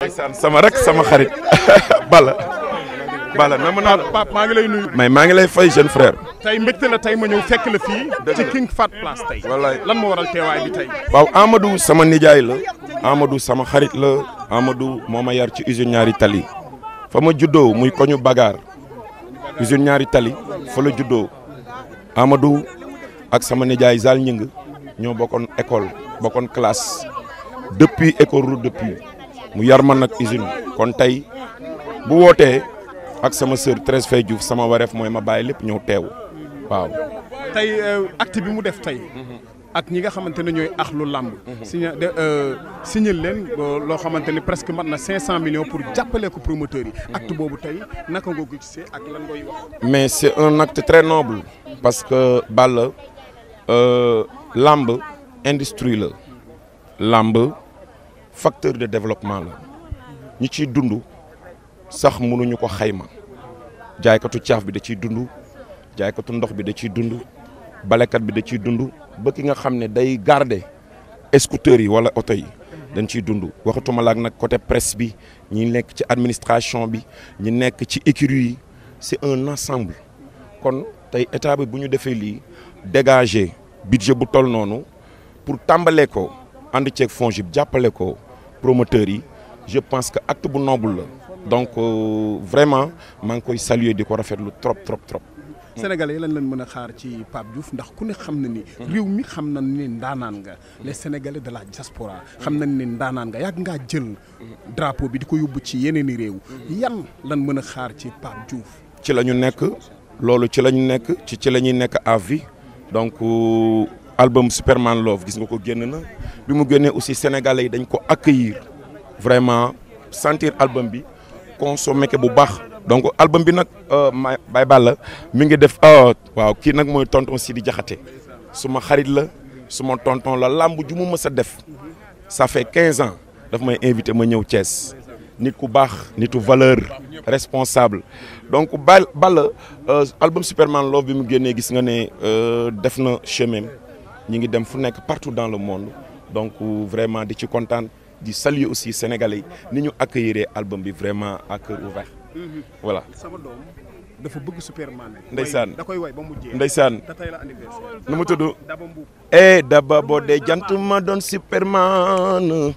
ndeysaan sama rek sama xarit Balla Balla na ma naa Pape mais maa ngi lay fay jeune frère tey mbégte la tey ma ñëw fekk la fii ci King Fat lan moo waral teewaay waaw Amadou sama nijaay la Amadou sama xarit la Amadou moo yar ci usine ñaari tali fa ma juddoo muy koñu bagaar usine ñaari tali fa la juddoo Amadou ak sama nijaay Zal Ñing ñoo bokkoon école bokkoon classe depuis école route depuis mu yar ma nag usine kon tey bu wootee ak sama sœur Thérèse Faye Diouf sama wareef mooy ma bàyyi lépp ñëw teew waaw. tey euh, acte bi mu def tey. ak ñi nga xamante ne ñooy ax lu làmb. signé de euh, signé leen loo xamante ni presque mat na 500 millions pour jàppale ko yi. acte boobu tey naka nga ko gisee ak lan ngay wax. mais c'est un acte très noble. parce que Balla euh, làmb industrie la. làmb facteur de développement la ñi ciy dund sax mënuñu ko xayma jaaykatu caaf bi da ciy dund jaaykatu ndox bi da ciy dund balekat bi da ciy dund ba ki nga xam ne day garder scooters yi wala oto yi dañ ciy dund waxatuma laak nag côté presse bi ñi nekk ci administration bi ñi nekk ci écurie yi c'est un ensemble kon tey état bi bu ñu defee lii dégager budget bu toll noonu pour tàmbalee ko ànd ceeg FONGIP jàppale ko promoteurs yi je pense que acte bu noble la donc euh, vraiment maa ngi koy saluer di ko rafetlu trop trop trop. Sénégalais lañ lan leen mën a xaar ci Pape Diouf ndax ku ne xam na ni. réew mi xam na ne ndaanaan nga. les sénégalais de la diaspora xam nañ ne ndaanaan nga yàgg ngaa jël. drapeau bi di ko yóbbu ci yeneen i réew. yan lan mën a xaar ci Pape Diouf. ci la ñu nekk loolu ci la ñu nekk ci ci la ñuy nekk à vie donc. Euh, album Superman Love gis nga ko génn na bi mu génnee aussi sénégalais yi dañ ko accueillir vraiment sentir album bi consommer ko bu baax donc album bi nag euh, Baye Balla mi ngi def euh, waaw kii nag mooy tonton Sidi Diakhaté suma xarit la suma tonton la lamb ju mu mës a def ça fait 15 ans daf may invité ma ñëw cees nit ku baax nitu valeur responsable donc Baye Balla euh, album Superman Love bi mu génnee gis nga ne def na chemin ñu ngi dem fu nekk partout dans le monde donc vraiment di ci kontaan di saluer aussi sénégalais ni ñu ak yére album bi vraiment ak cœur ouvert. Mm-hmm. sama doom dafa bëgg Superman. ndeysaan da koy way ba mu jeex ndeysaan nu mu tudd. Daba Mbuub eh Daba boo jant ma doon Superman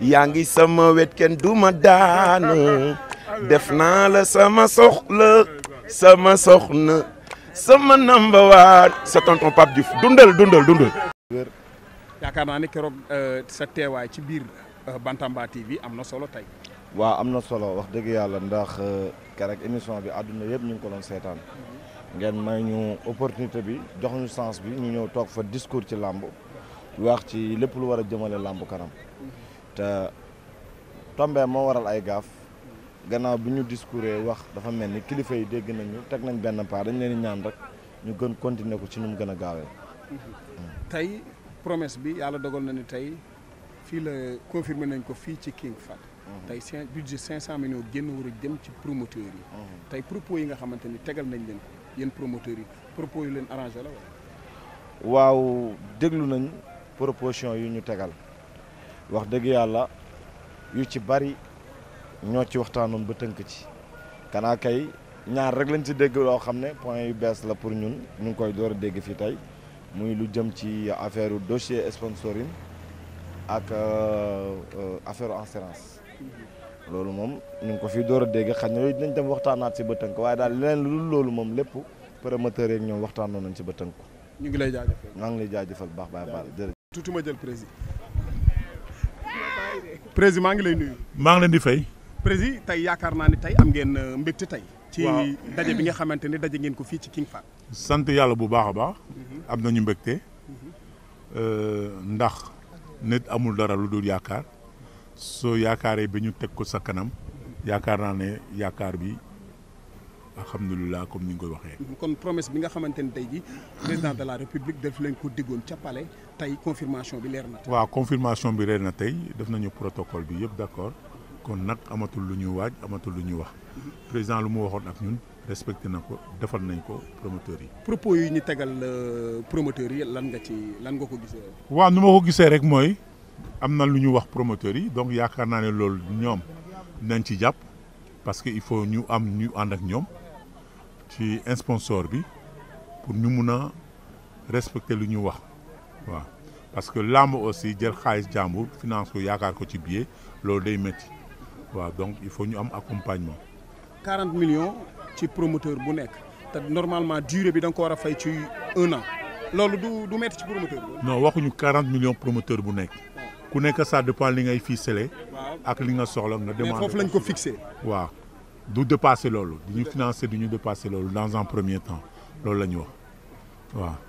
yaa ngi sama wet kenn du ma daan def naa la sama soxla sama soxna. sama number waa sa tonton Pape Diouf dundal dundal dundal. yaakaar naa ne keroog euh, sa teewaay ci biir euh, Bantamba TV am na solo tey. waaw am na solo wax dëgg yàlla ndax euh, keroog émission bi àdduna yëpp ñu ngi ko doon seetaan ngeen may ñu opportunité bi jox ñu chance bi ñu ñëw toog fa discours ci làmb wax ci lépp lu war a jëmale làmb kanam te moo waral ay gaaf. gannaaw bi ñu discouré wax dafa mel ni kilifa yi dégg nañu teg nañ benn paa dañ leen ñaan rek ñu gën continuer ko ci nu mu gën a gaawee. Mm-hmm. tey promesse bi yàlla dogal na ni tey fii la confirmé nañ ko fii ci King Fahd. Mm-hmm. tey cinq budget cinq cent millions génn war a jëm ci promoteurs yi. Mm-hmm. tey propos yi nga xamante ni tegal nañ leen ko yéen promoteurs yi propos yu leen arrangé la wala. waaw déglu nañ proposition yu ñu tegal wax dëgg yàlla yu ci bari. ñoo ci waxtaanoon ba tënk ci kanaa kay ñaar rek lañ ci dégg loo xam ne point yu bees la pour ñun ñu ngi koy door a dégg fii tey muy lu jëm ci affaire dossier sponsoring ak euh, euh, affaire assurance loolu moom ñu ngi ko fi door a dégg xaj na yooyu dañ dem waxtaanaat si ba tënk waaye daal leneen lu dul loolu moom lépp promoteur yeeg ñoom waxtaanoon nañ si ba tënk. ñu ngi lay jaajëfal maa ngi lay jaajëfal baax baax baax jërëjëf. tuuti ma jël président président maa ngi lay nuyu. maa ngi leen di fay. président tey yaakaar naa ne tey am ngeen euh, mbégte tey. ci daje bi nga xamante ne daje ngeen ko fii ci King Fahd. sant yàlla bu baax a baax. Mhm. am nañu mbégte. Mhm. Euh, ndax nit amul dara lu dul yaakaar soo yaakaar yaakaaree bi ñu teg ko sa kanam yaakaar naa ne yaakaar bi alhamdulilah comme ni nga koy waxee. Mhm. kon promesse bi nga xamante ni tey jii président de la république def leen ko diggoon ca palais tey confirmation bi leer na. waaw confirmation bi leer na tey def nañu protocole bi yëpp d' kon nag amatul lu ñu waaj amatul lu ñuy wax président lu mu waxoon ak ñun respecté na ko defal nañ ko promoteurs yi. propos yi ñu tegal euh, promoteurs yi lan nga ci lan nga ko gisee. waaw nu ma ko gisee rek mooy am na lu ñu wax promoteurs yi donc yaakaar naa ne loolu ñoom nañ ci jàpp parce que il faut ñu am ñu ànd ak ñoom ci sponsor bi pour ñu mun a respecter lu ñu wax waaw parce que làmb aussi jël xaalis jàmbur finance ko yaakaar ko ci billet loolu day métti. waaw donc il faut ñu am accompagnement. 40 millions ci promoteur bu nekk te normalement durée bi da nga ko war a fay ci un an loolu du du métti ci promoteur bi. waxuñu 40 millions promoteur bu nekk. ku nekk ça dépend li ngay fii ficelé. ak li nga soxla nga demandé. mais foofu lañ ko fixé. waaw du dépasser loolu. du ñu duñu du loolu dans en premier temps loolu la ñu wax waaw.